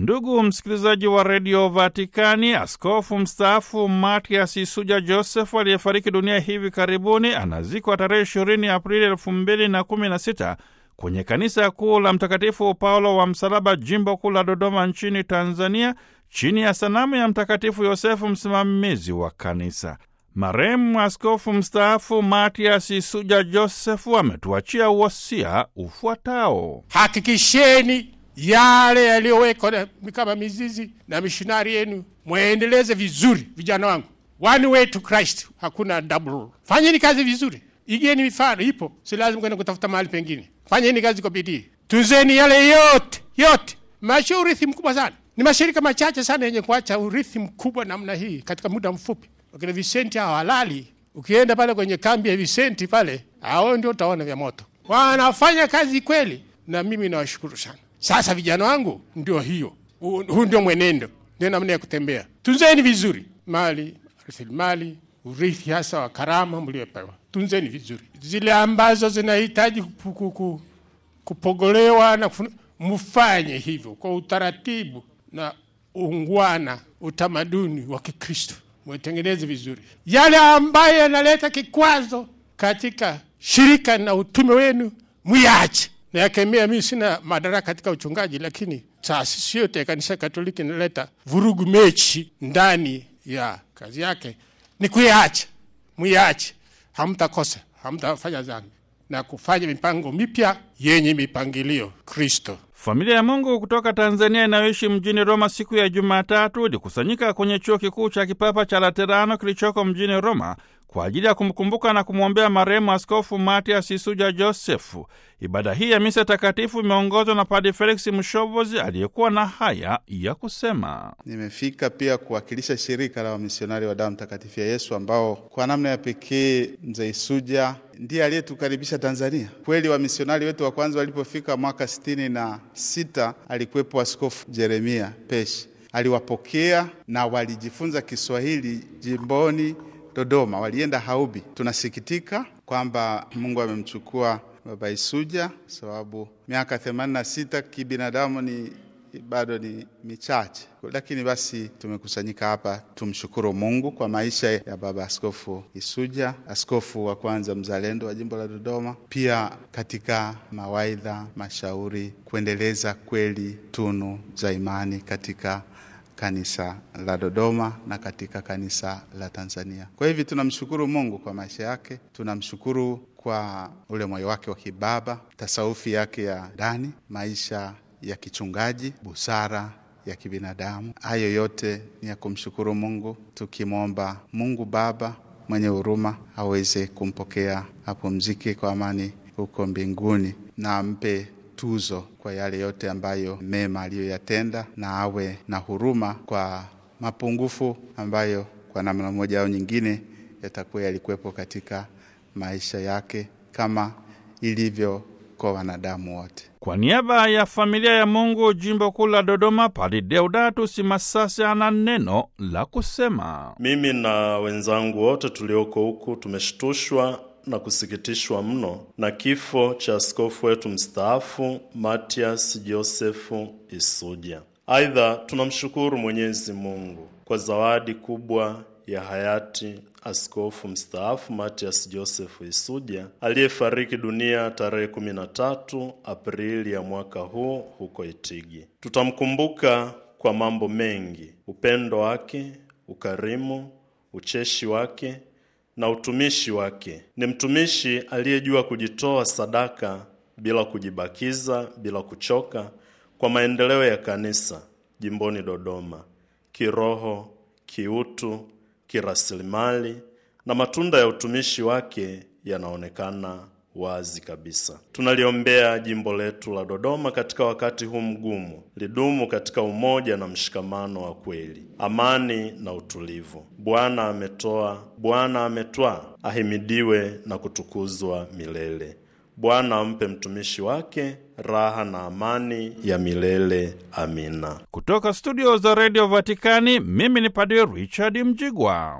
Ndugu msikilizaji wa redio Vatikani, askofu mstaafu Matias Isuja Joseph aliyefariki dunia hivi karibuni anazikwa tarehe 20 Aprili 2016 kwenye kanisa kuu la Mtakatifu Paulo wa Msalaba, jimbo kuu la Dodoma nchini Tanzania, chini ya sanamu ya Mtakatifu Yosefu, msimamizi wa kanisa. Marehemu askofu mstaafu Matias Isuja Josefu ametuachia wasia ufuatao: hakikisheni yale yaliyowekwa kama mizizi na mishinari yenu, mwendeleze vizuri, vijana wangu. One way to Christ, hakuna double. Fanyeni kazi vizuri, igieni mifano ipo, si lazima kwenda kutafuta mahali pengine. Fanyeni kazi kwa bidii, tunzeni yale yote yote. Maisha urithi mkubwa sana, ni mashirika machache sana yenye kuacha urithi mkubwa namna hii katika muda mfupi. Wakina Vicenti hawalali. Ukienda pale kwenye kambi ya Visenti pale, hao ndio utaona vya moto, wanafanya kazi kweli, na mimi nawashukuru sana. Sasa vijana wangu, ndio hiyo, huu ndio mwenendo, ndio namna ya kutembea. Tunzeni vizuri mali, rasilimali, urithi hasa wa karama mliopewa, tunzeni vizuri. Zile ambazo zinahitaji kupogolewa na kufuna, mfanye hivyo kwa utaratibu na ungwana, utamaduni wa Kikristo mwetengeneze vizuri. Yale ambayo yanaleta kikwazo katika shirika na utume wenu, muyache Nayakemea, mimi sina madaraka katika uchungaji, lakini taasisi yote ya kanisa Katoliki inaleta vurugu mechi ndani ya kazi yake, ni kuiacha, muiache, hamtakosa, hamtafanya dhambi na kufanya mipango mipya yenye mipangilio Kristo. Familia ya Mungu kutoka Tanzania inayoishi mjini Roma siku ya Jumatatu ilikusanyika kwenye chuo kikuu cha kipapa cha Laterano kilichoko mjini Roma kwa ajili ya kumkumbuka na kumwombea marehemu Askofu Matias Isuja Josefu. Ibada hii ya misa takatifu imeongozwa na padi Felix Mshobozi aliyekuwa na haya ya kusema: nimefika pia kuwakilisha shirika la wamisionari wa damu takatifu ya Yesu ambao kwa namna ya pekee mzee Isuja ndiye aliyetukaribisha Tanzania. Kweli wamisionari wetu wa kwanza walipofika mwaka sitini na sita alikuwepo Askofu Jeremia Peshi, aliwapokea na walijifunza Kiswahili jimboni Dodoma, walienda Haubi. Tunasikitika kwamba Mungu amemchukua Baba Isuja sababu miaka 86 kibinadamu ni bado ni michache, lakini basi tumekusanyika hapa tumshukuru Mungu kwa maisha ya Baba Askofu Isuja, askofu wa kwanza mzalendo wa jimbo la Dodoma, pia katika mawaidha, mashauri, kuendeleza kweli tunu za imani katika kanisa la Dodoma na katika kanisa la Tanzania. Kwa hivi tunamshukuru Mungu kwa maisha yake, tunamshukuru kwa ule moyo wake wa kibaba, tasaufi yake ya ndani, maisha ya kichungaji, busara ya kibinadamu. Hayo yote ni ya kumshukuru Mungu, tukimwomba Mungu Baba mwenye huruma aweze kumpokea, apumzike kwa amani huko mbinguni na ampe tuzo kwa yale yote ambayo mema aliyoyatenda, na awe na huruma kwa mapungufu ambayo kwa namna moja au nyingine yatakuwa yalikuwepo katika maisha yake kama ilivyo kwa wanadamu wote. Kwa niaba ya familia ya Mungu jimbo kuu la Dodoma, Padri Deodatus Masasi ana neno la kusema. Mimi na wenzangu wote tulioko huku tumeshtushwa na kusikitishwa mno na kifo cha askofu wetu mstaafu Matias Josefu Isuja. Aidha, tunamshukuru Mwenyezi Mungu kwa zawadi kubwa ya hayati askofu mstaafu Matias josefu Isuja aliyefariki dunia tarehe 13 Aprili ya mwaka huu huko Itigi. Tutamkumbuka kwa mambo mengi: upendo wake, ukarimu, ucheshi wake na utumishi wake. Ni mtumishi aliyejua kujitoa sadaka bila kujibakiza, bila kuchoka, kwa maendeleo ya kanisa jimboni Dodoma, kiroho, kiutu, kirasilimali, na matunda ya utumishi wake yanaonekana wazi kabisa. Tunaliombea jimbo letu la Dodoma katika wakati huu mgumu, lidumu katika umoja na mshikamano wa kweli, amani na utulivu. Bwana ametoa, Bwana ametwaa, ahimidiwe na kutukuzwa milele. Bwana ampe mtumishi wake raha na amani ya milele amina. Kutoka studio za redio Vatikani, mimi ni Padre Richard Mjigwa.